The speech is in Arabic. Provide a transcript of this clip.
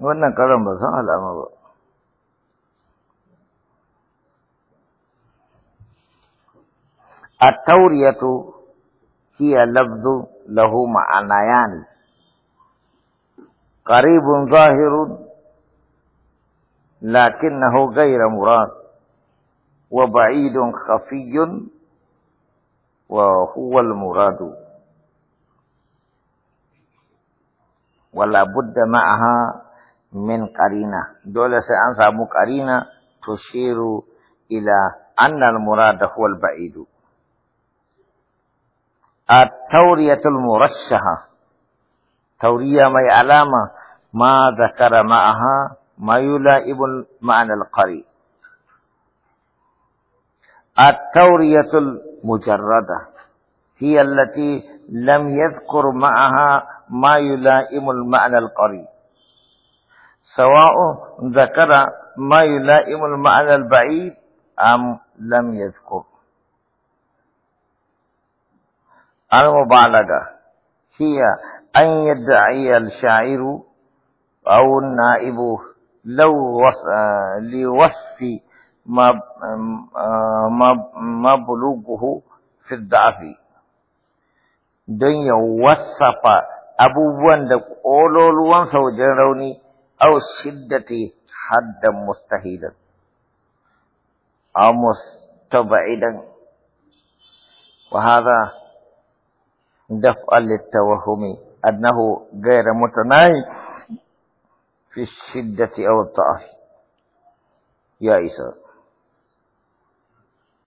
wannan karan ba san al'ama ba التورية هي لفظ له معنيان قريب ظاهر لكنه غير مراد وبعيد خفي وهو المراد ولا بد معها من قرينة دولة سأنسى مقرينة تشير إلى أن المراد هو البعيد التورية المرشحة تورية ما علامة ما ذكر معها ما يلائب معنى القريب التورية المجردة هي التي لم يذكر معها ما يلائم المعنى القريب سواء ذكر ما يلائم المعنى البعيد أم لم يذكر المبالغة هي أن يدعي الشاعر أو النائب لو لوصف ما مبلغه في الضعف دنيا وصف أبو abubuwan أولو ƙololuwansa wajen أو الشدة حدا مستهيدا أو مستبعدا وهذا دفع للتوهم أنه غير متناهي في الشدة أو الضعف يا إسحاق